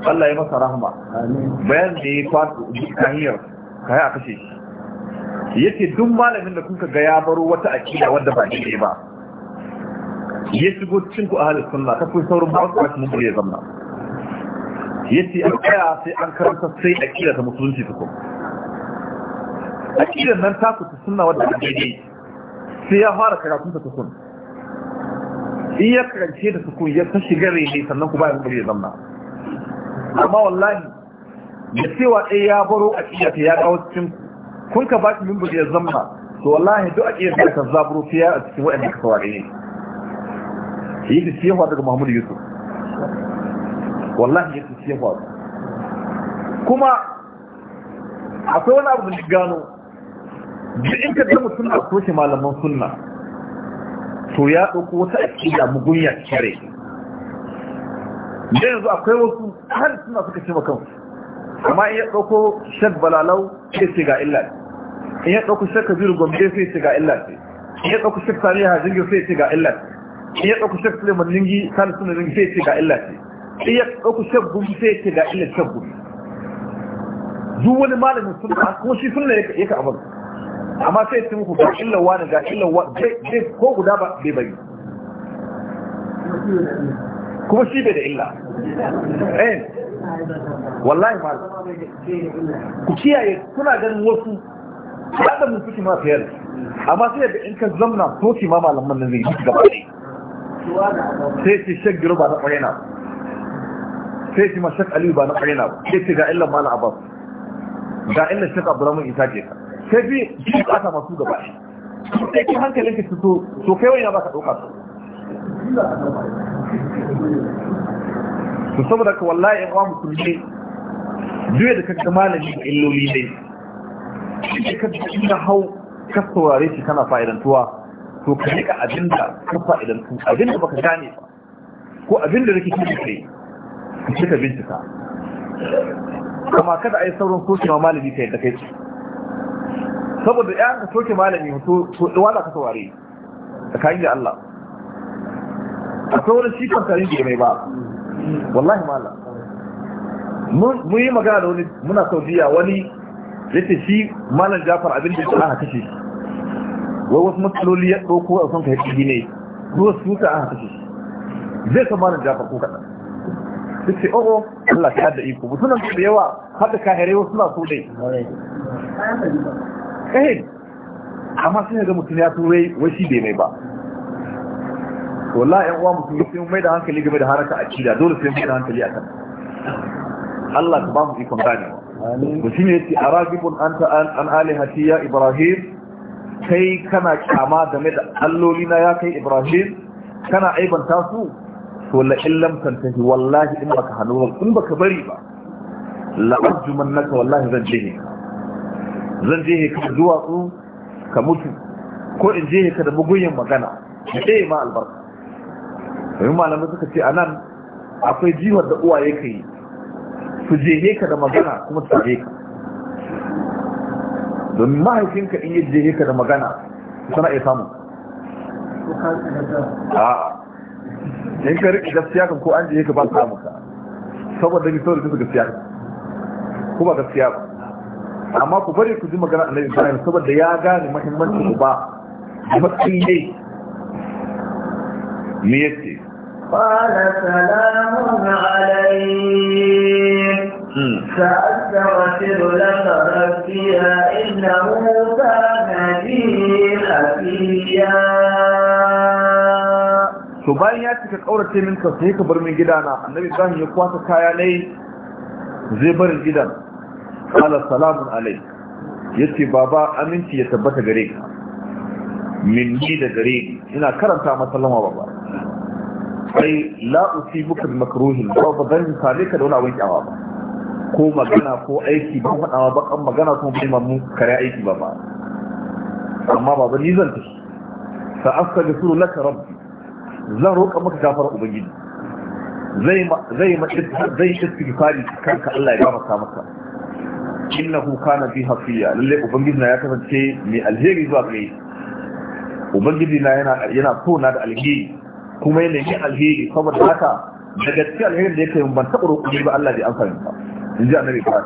Allah ya masa rahama bayan da ya kwato hanyar ka a kashe shi Ya ce duk malamin da kuka ga ya baro wata akida wadda ba ne ba ya shigo cikin ku halin suna ta kun saurin ba ku ya zama ya ce an kaya sai an karanta sai akida ta musulunci ta kuma akidan nan ta ku suna wadda ba ne sai ya fara karatun ta kun in ya karance da sukun ya ta shiga ne sannan ku ba mu ya zama amma wallahi da cewa ɗaya ya baro a ƙiyata ya kawo cikin kun ka ba shi min buɗe zamba to wallahi duk a ƙiyata ka zaburo fiya a cikin waɗanda ka saurare ne yi da siyawa daga mahmud yusuf wallahi ya ci siyawa kuma akwai wani abu da gano duk in ka gama suna toshe malaman sunna to ya ɗauko wata aƙida mugunya kare yanzu akwai wasu har suna suka ce makan amma in ya ɗauko shek balalau sai ce ga illa in ya ɗauko shek kabiru gombe sai ce ga illa ce in ya ɗauko shek sani hajjingir sai ce ga illa ce in ya ɗauko shek suleiman ningi sani suna ningi sai ce ga illa ce in ya ɗauko shek gumbi sai ce ga illa shek gumbi duk wani malamin suna, kuma shi suna ya ka abin amma sai ce muku ga illa wani ga illa wani ko guda ba bai bari kuma shi bai da illa eh wallahi mal ku kiyaye kuna ganin wasu hada mun fiti ma fiyar amma sai da in ka zamna ki ma malaman nan zai yi gaba ne sai ki shek giro ba na ƙwarena sai ki ma shek aliyu ba na ƙwarena sai ki ga illan mala abbas ga illan shek abdurrahman isa ke sai bi duk ata masu gaba ne sai ki hankalin ka fito to kai wani ba ka ɗauka su to saboda ka wallahi in wa musulmi duya da kaga malamin illoli ne shi ka inda hau ka saurare shi kana fa'idantuwa to ka rika abinda ka fa'idantu abinda baka gane ba ko abinda rikici da kai ka cika bincika kama kada a yi sauran ma malami ta yadda kai saboda ya ka soke malami to wala ka saurare tsakanin da Allah a sauran shi kankarin da mai ba wallahi mala mun yi magana da wani muna saudiya wani yace shi malam jafar abin da aka kashe shi wai wasu matsaloli ya ɗauko a son ka haƙi ne ruwa su ka aka kashe shi zai san malam jafar ko kaɗan duk sai o'o oh, oh, Allah ta da iko mutunan da yawa har da kahirai wasu na so dai kahin amma sun ga mutum ya turai wai shi bai mai ba wallahi yan uwa musulmi sun mai da hankali game da haraka a cida dole sun mai da hankali a kan Allah ta ba mu ikon gane ku shi ne ce a anta an Ali ya ibrahim kai kana kama game da alloli na ya kai ibrahim kana aiban ta su to la illam tantahi wallahi in baka hanu in baka bari ba la arjumannaka wallahi zan jehe zan jehe ka zuwa ka mutu ko in jehe ka da bugun magana sai ma albarka domin malamai suka ce a nan akwai jihar da uwa ya yi su jehe ka da magana kuma su jehe ka domin mahaifinka in yi jehe ka da magana sana iya samu in ka riƙe gaskiya kan ko an jehe ka ba su samu ka saboda ni saboda su gaskiya ko ba gaskiya ba amma ku bari ku ji magana annabi Ibrahim saboda ya gane muhimmancin ba, matsayi ne me ya قال سلام عليك سأستغفر لك ربيا إنه كان بي to bayan ya cika kaurace min ka sai ka bar min gidana annabi ibrahim ya kwata kaya ne zai barin gidan qala salamun alai yace baba aminci ya tabbata gare ka min ni da gare ina karanta masa baba kai la muka bi makruhin ba ba zan same ka da wani abin kyawa ba ko magana ko aiki ba faɗawa kan magana ko bai mamu kare aiki ba ba amma ba ni zan tafi sa astaghfiru laka rabbi zan roƙa maka gafara ubangiji zai zai ma zai istighfari kanka Allah ya gafarta maka innahu kana bi hafiya lalle ubangiji na ya kasance mai alheri zuwa gare ubangiji na yana yana so na da alheri kuma yana yin alheri saboda haka daga cikin alherin da yake yin ban taɓa roƙo ba Allah bai amfani ba in ji annabi ta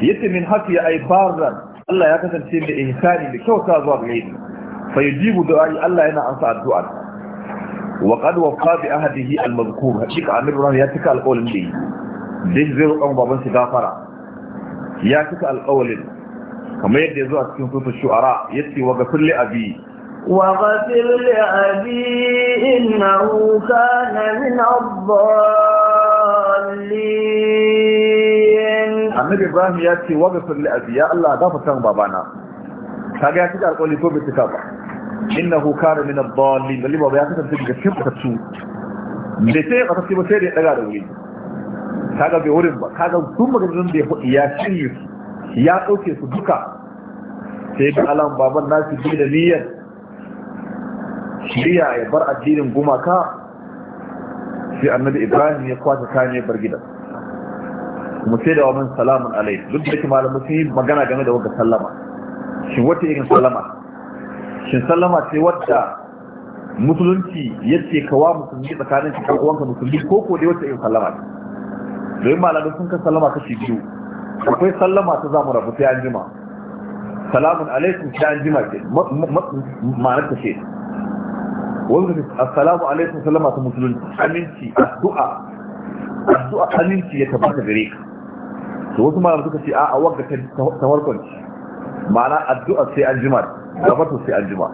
yace min hafiya ay barzan Allah ya kasance da ihsani da ta zuwa ga yayi fa yujibu du'ai Allah yana amsa addu'a wa qad wafa bi ahadihi al-mazkur hakika annabi Ibrahim ya cika alƙawarin da yi dai zai roƙon baban shi gafara ya cika alƙawarin kamar yadda ya zo a cikin sutu shu'ara yace wa gafir li abi وغفر لأبي إنه كان من الضالين النبي إبراهيم يأتي وغفر لأبي يا الله غفر كان بابانا kaga ya cika alƙawari ko bai cika ba innahu kana min ad-dallin dalli ba ya kasance daga cikin fatattu bai sai ka tafi sai da daga da wuri kaga bai wurin ba kaga duk maganganun da ya faɗi ya shirye ya ɗauke su duka sai ga alam baban nasu bi da niyyar shirya ya bar addinin gumaka sai annabi ibrahim ya kwata kayan ya bar gidan mu sai da wamin salamun alai duk da kuma malamu sun yi magana game da wanda sallama shi wata irin sallama shi sallama ce wadda musulunci ya ce kawa musulmi tsakanin shi uwanka musulmi ko ko dai wata irin sallama ce domin malamu sun kan sallama kashi biyu akwai sallama ta zamu rabu sai an jima salamun alaikum sai an jima ce ma'anar ta ce wanda ta assalamu alaikum sallama ta musulunci aminci addu'a addu'a aminci ya tabbata gare ka to wasu malamai suka ce a a wagga ta warkon ci ma'ana addu'a sai an jima gabata sai an jima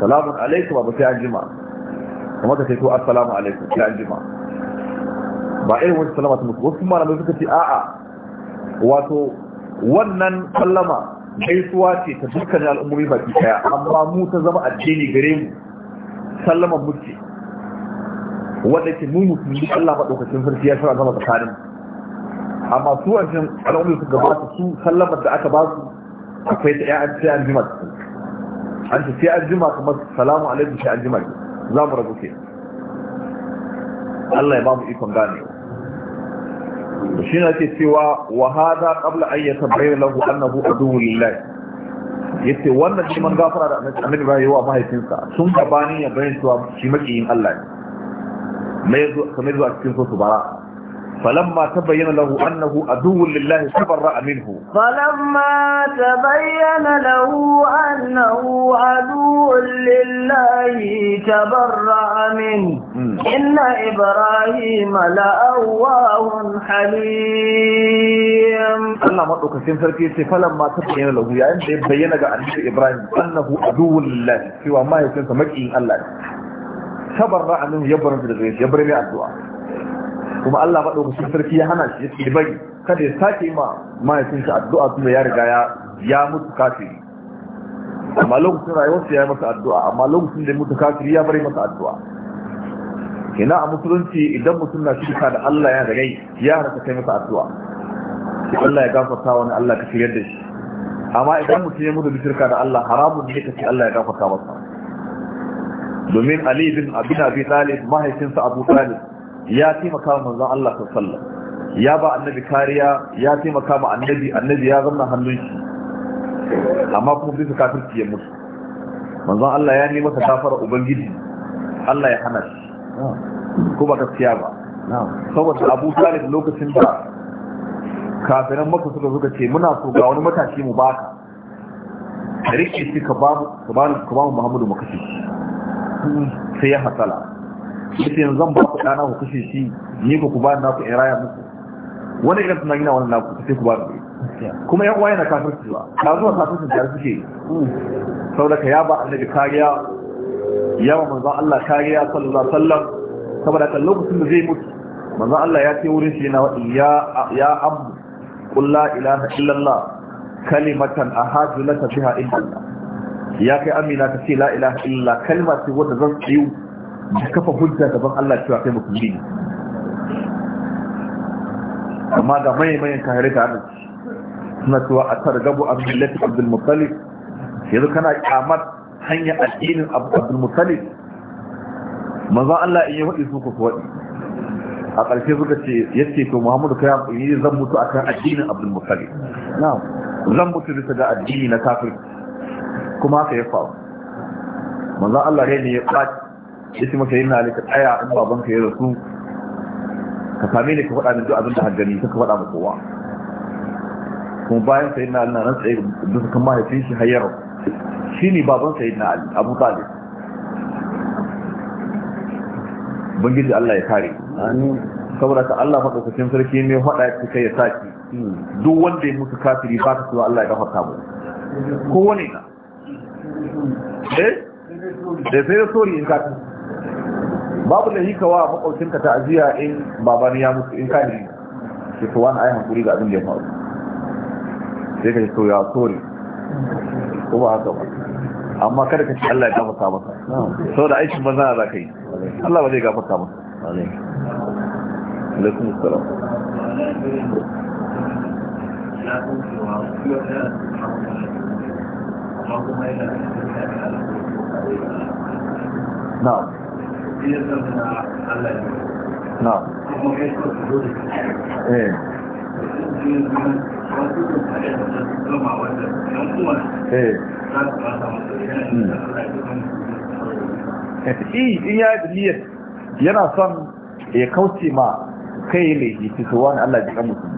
salamun alaikum abu sai an jima kuma ka sai to assalamu alaikum sai an jima ba irin wani sallama ta musulunci wasu malamai suka ce a a wato wannan sallama gaisuwa ce ta dukkanin al'ummomi baki daya amma mu ta zama addini gare mu sallama mutu wanda ke mu musulmi Allah maɗaukacin sarki ya shara zama tsakanin amma su wancan al'ummar su gabata su sallamar da aka ba su akwai ta ‘ya'an sai an jima an ce sai an jima kamar salamu alaikum sai an jima za mu rabu ke Allah ya ba mu ikon gane shi na ke cewa wa hada qabla an yatabayyana lahu annahu aduwwu lillahi yace wannan neman gafara da annabi ba wa mahaifinsa sun gabani ya bayyana cewa shi makiyin Allah ne mai zuwa cikin su bara فلما تبين له أنه عدو لله تبرأ منه فلما تبين له أنه عدو لله تبرأ منه م. إن إبراهيم لأواه حليم الله مطلق سيمسركي فلما تبين له يعني بيّن عن إبراهيم أنه عدو لله سوى ما يسمى مكين الله تبرأ منه يبرم في الغيث يبرم الدعاء kuma Allah maɗaukacin sarki ya hana shi yake bari kada ya sake ma mahaifinsa addu'a tunda ya riga ya ya mutu kafiri amma lokacin rayuwar rayuwarsa ya yi masa addu'a amma lokacin da ya mutu kafiri ya bari masa addu'a ina a musulunci idan mutum na shirka da Allah ya rai ya harka kai masa addu'a Allah ya gafarta wani Allah ka shirya da shi amma idan mutum ya mutu da shirka da Allah haramun ne ka ce Allah ya gafarta masa domin Ali bin Abi Talib mahaifinsa Abu Talib ya taimaka wa manzon Allah sallallahu ya ba annabi kariya ya taimaka wa annabi annabi ya zanna hannun shi amma kuma bisa kafirci ya mutu manzon Allah ya nemi masa kafara ubangiji Allah ya hana shi ko ba gaskiya ba saboda Abu Talib lokacin da kafiran maka suka suka ce muna so ga wani matashi mu baka rike shi ka ba mu ka ba mu Muhammadu makashi sai ya hasala yace yanzu zan ba ku dana ku kashe shi ni ku ku ba na ku iraya muku wani irin tunani na wannan naku sai ku ba ku kuma yan uwa yana kafirci ba ka zuwa kafirci da suke saboda ka ya ba annabi kariya ya ba manzon Allah kariya sallallahu alaihi wasallam saboda kan lokacin da zai mutu manzon Allah ya ce wurin shi yana wa ya ya abu qul la ilaha illallah kalimatan ahadu laka biha illa ya kai amina ta ce la ilaha illallah kalma ce wanda zan tsayu da kafa hujja gaban Allah cewa kai musulmi ne amma ga mayan kahiri da hannun suna cewa a targabu a millati abdulmuttalib yanzu kana kyamar hanyar addinin abdulmuttalib Maza Allah in yi waɗi su ku waɗi a ƙarshe suka ce ya ce to muhammadu kai yi zan mutu a kan addinin abdulmuttalib zan mutu bisa ga addini na kafin kuma haka ya faru manzo Allah ne ya ɓaci ya ce maka yana alika tsaya in babanka ya rasu ka sami ne ka faɗa min duk abin da hangani ka faɗa ma kowa kuma bayan sayi na alina tsaye da duka kan mahaifin shi hayar shi ne baban sayi na abu talib bangiji Allah ya kare saboda ka Allah ka maɗaukakin sarki ne faɗa ya kai ya saki hmm. duk wanda ya mutu kafiri ba ka cewa Allah ya gafarta mu ko wani na eh da sai da sori in ka babu da yika wa makwaucinka ta'aziyya in babani ya mutu in ka ne ke to wani ayi hankuri ga abin da ya faru sai ka to ya sori ko ba haka ba amma kada ka ce Allah ya gafarta masa da aikin banza za ka yi Allah ba zai gafarta masa alaikum assalam na'am na ya yana son ya kauce ma kai mai jiki fitowa na Allah jikan mutum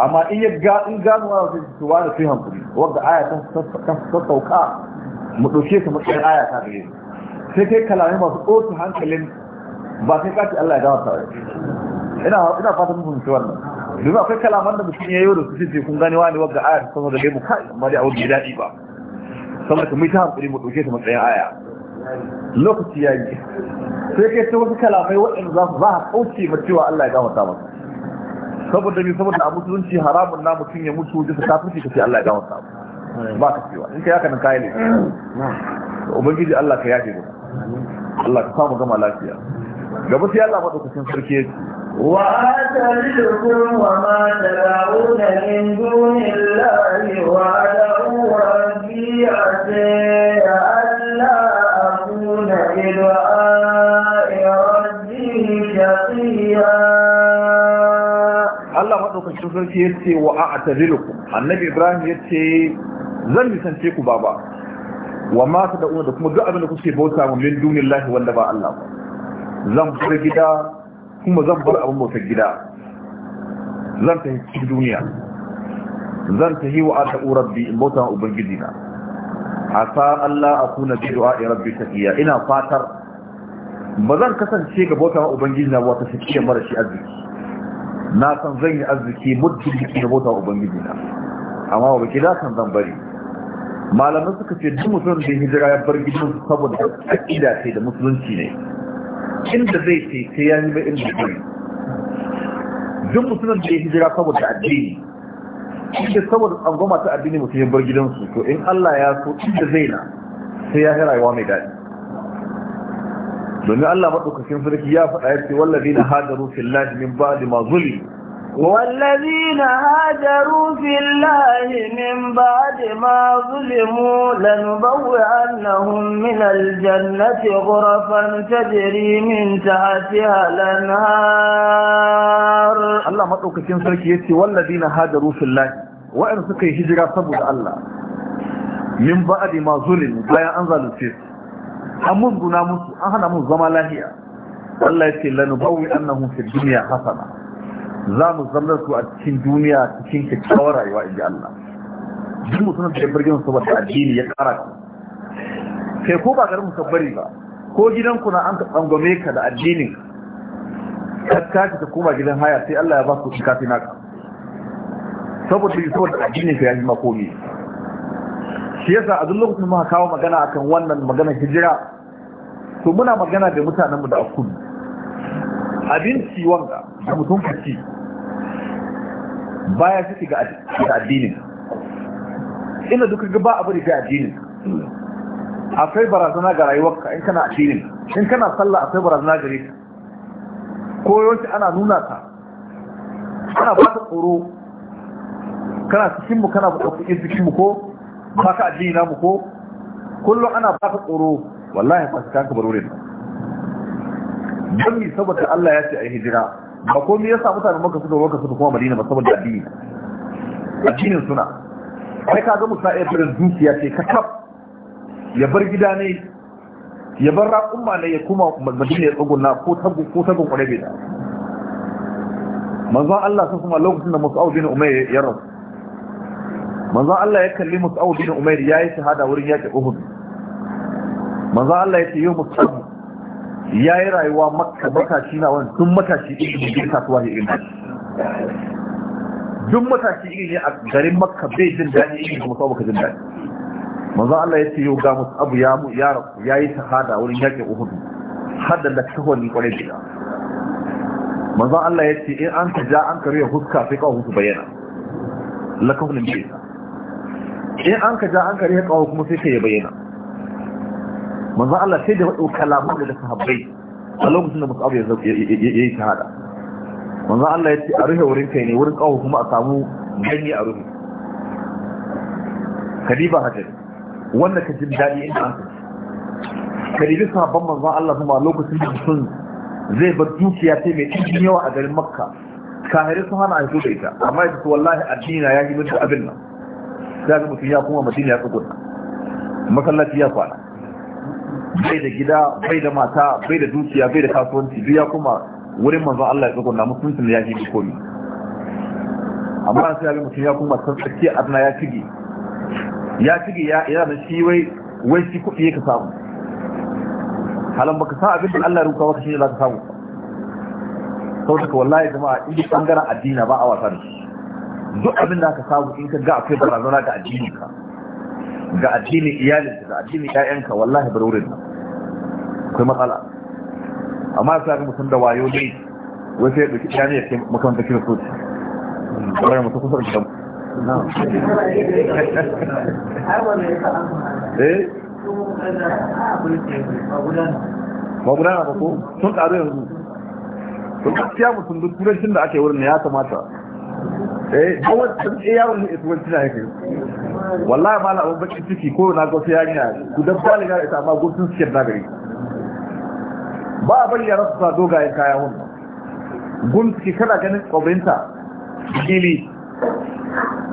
amma in ya gano wa zai fitowa da fi hankali wadda aya sassauka sauka mu ɗauke su matsayin ayata da gare sai kai kalamai masu ɗoki hankalin ba sai kaci Allah ya gawata tare ina fata mun fahimci wannan duk akwai kalaman da mutum ya yi da su ce kun gani wani wanda aya sama da gaimu kai amma dai abu bai daɗi ba saboda kuma ita hankali mu ɗauke ta matsayin aya lokaci ya yi sai kai ta wasu kalamai waɗanda za su za a kauce ma cewa Allah ya gawata masa saboda ni saboda a musulunci haramun na mutum ya mutu ta kafirci ka ce Allah ya gawata masa ba ka cewa in ka yaka nan kayan ne ubangiji Allah ka yafe mu Allah ka samu gama lafiya gaba sai Allah madaukakin sarki yake wa atalikum wa ma tad'una min dunillahi wa ad'u rabbi ya alla akuna ila Allah maɗaukacin sarki ya ce wa a atadilukum annabi Ibrahim ya ce zan nisance ku baba wa ma ta da'una da kuma duk abin da kuke bauta mu min dunillahi wanda ba Allah ba zan bar gida kuma zan bar abin bautar gida zan tafi cikin duniya zan tafi yi wa a ta'u in bauta ubangiji na a sa Allah a kuna bi du'a ya rabbi taqiya ina fatar ba zan kasance ga bauta ubangiji na wata taqiya mara shi arziki na san zan yi arziki muddin da bauta ubangiji na amma ba kida san zan bari malaman suka ce duk mutum da hijira ya bar gidan saboda aƙida ce da musulunci ne inda zai ce sai ya yi bayan jikiri duk mutum da ya hijira saboda addini inda saboda tsangwama ta addini mutum ya bar gidansu to in Allah ya so inda zai na sai ya yi rayuwa mai daɗi domin Allah maɗaukakin sarki ya faɗa ya ce wallazi na hadaru fillahi min ba'di ma zulmi والذين هاجروا في الله من بعد ما ظلموا لنبوئنهم من الجنة غرفا تجري من تحتها الأنهار الله ما تقول كم سركي والذين هاجروا في الله وإن سكي هجرة صبر الله min ba da ma zulmi bayan an zalunce an munguna musu an hana mun zama lahiya Allah ya ce lanu bawi annahum fid dunya hasana za mu zama su a cikin duniya cikin kyakkyawar rayuwa in ji Allah duk mutum da ya birgin su wata addini ya kara ku kai ko ba garin ka bari ba ko gidanku na an ka tsangwame ka da addinin ka tashi ka koma gidan haya sai Allah ya ba ku kafi naka saboda yi saboda addinin ka ya yi makomi shi yasa a duk lokacin muka kawo magana akan wannan magana hijira to muna magana da mutanenmu da akudu abinci wanga da kaci. baya suke ga addinin ina duka ba abu da ga addinin akwai barazana ga rayuwarka in kana addinin in kana sallah akwai barazana gare ka ko yawanci ana nuna ka Kana ba ta tsoro kana cikin mu kana buƙatar cikin mu ko ba ka addini mu ko kullum ana ba ta tsoro wallahi ba ka kanka barorin don mi saboda Allah ya ce a yi hijira ba komai ya sa mutanen maka suka maka suka kuma madina ba saboda addini addinin suna kai ka ga musa ya fara dukiya ce ka ya bar gida ne ya bar raƙumma ne ya kuma madina ya tsuguna ko tagun ko tagun ƙwarebe da manzo Allah sun kuma lokacin da Mus'ab bin Umayr ya rasu manzo Allah ya kalli Mus'ab bin Umayr yayi shahada wurin yaki Uhud manzo Allah ya ce yau Mus'ab ya yi rayuwa matashi na wani tun matashi ne da kasuwa ne irin nashi duk matashi iri ne a garin makka bai jin daji iri kuma kawo baka jin daɗi manzo Allah ya ce yau ga musu abu ya mu ya rasu ya yi shahada wurin yaƙin uhudu har da lakahon kwarai da manzo Allah ya ce in an ka ja an ka riya huska sai kawo musu bayyana lakahon bai in an ka ja an ka riya kawo kuma sai kai ya bayyana manzo Allah sai da wasu kalaman da sahabbai a lokacin da Mus'ab ya yi shahada manzo Allah ya ce a ruhe wurin kai ne wurin kawo kuma a samu ganye a ruhi. kadiba hajar wannan ka jin daɗi inda an kadibi sahabban manzo Allah kuma lokacin da mutum zai bar dukiya sai mai cikin yawa a garin Makka kahiri sun hana haifu da ita amma ya wallahi addini na ya yi mutu abin nan sai ga mutum ya kuma madina ya tsugunta masallaci ya kwana bai da gida bai da mata bai da dukiya bai da kasuwanci duk ya kuma wurin manzon Allah ya tsogon na mutuncin ya ji komi amma sai ya mutum ya kuma san tsakiya adna ya cige ya cige ya yana da shi wai wai shi kuɗi ya ka samu halan baka sa abin da Allah ya rubuta maka shi za ka samu saboda wallahi jama'a in bangaren addini ba a wasa da shi duk abin da ka samu in ka ga akwai barazana ga addinin ka ga addinin iyalinka ga addinin ƴaƴanka wallahi barurin wurin akwai matsala amma sai ga mutum da wayo ne wai sai ya dauki ɗaya ne ya kai so kamar yamma kusa da gidan eh magudana ba ko sun ƙaru yanzu sun mutum duk turancin da ake wurin ya kamata eh awon tsantsiya yawon ne isman tana yake wallahi ba na abin bakin ciki ko na gwasa yarinya ku dabba ne gara ita amma gurtun suke na gari ba a bari yara su sa dogayen kaya hun gun suke kana ganin kwabrinta fili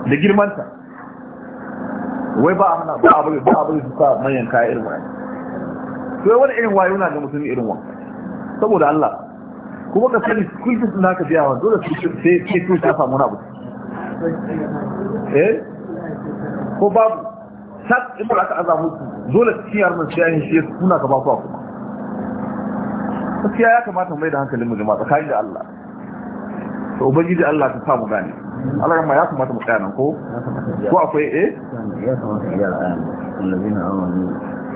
da girmanta wai ba a hana ba a bari ba a bari su sa manyan kaya irin wani to wani irin wayo na ga mutum irin wani saboda Allah kuma ka sani kulkin suna ka biya wa dole su sai sai ta samu na abu eh ko babu sat in ba ka aza dole cikin yaran su yayin shi kuna ka ba ku aku gaskiya ya kamata mai da hankalin mu jama'a tsakanin da Allah to ubangiji Allah ta samu gane Allah ya kamata mu tsaya nan ko ko akwai eh ya kamata ya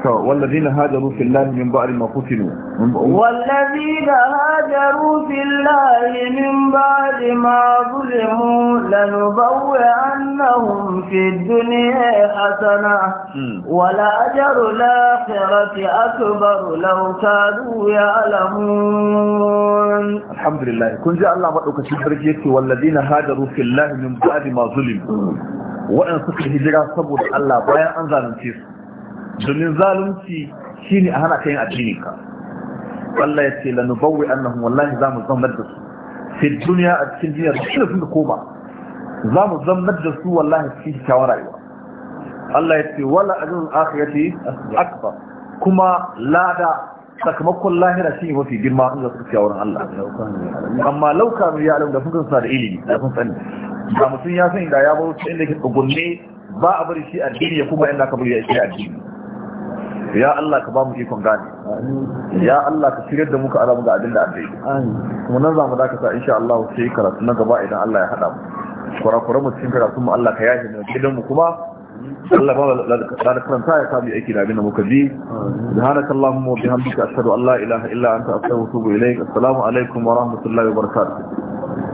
والذين هاجروا في الله من بعد ما فتنوا والذين هاجروا في الله من بعد ما ظلموا لنبوئنهم في الدنيا حسنة ولأجر الآخرة أكبر لو كانوا يعلمون الحمد لله كن جاء الله مدعوك شبرك والذين هاجروا في الله من بعد ما ظلموا وأن سكر هجرة صبر الله بايا أنزل من domin zalunci shi ne a hana kayan addini ka Allah ya ce lanubawwi annahum wallahi za mu zama da su fi duniya a cikin duniya da shirin da koma za mu zama da su wallahi cikin kyawun rayuwa Allah ya ce wala ajrul akhirati akbar kuma lada sakamakon lahira shi ne mafi girma inda suka ciya wurin Allah amma lauka mai ya da fukan sa da ilimi da sun sani ba mutum ya sani da ya baro inda ke tsugunne ba a bari shi addini ya kuma yadda aka bari ya shi addini ya Allah ka ba mu ikon gane ya Allah ka shigar da muka alamu ga abin da an kuma nan za mu dakata insha Allah sai karatu na gaba idan Allah ya haɗa mu kurakura mu cikin karatu mu Allah ka yaje mu gidan mu kuma Allah ba da karanta ya sami aiki da abin da muka ji subhanakallahumma wa bihamdika ashhadu an la ilaha illa anta astaghfiruka wa atubu ilaik assalamu alaikum wa rahmatullahi wa barakatuh